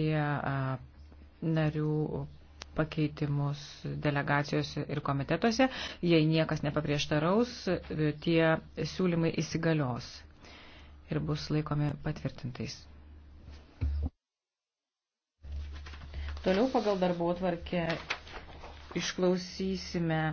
narių pakeitimus delegacijose ir komitetuose. Jei niekas nepaprieštaraus, e, tie siūlymai įsigalios ir bus laikomi patvirtintais. Toliau pagal darbo tvarkę išklausysime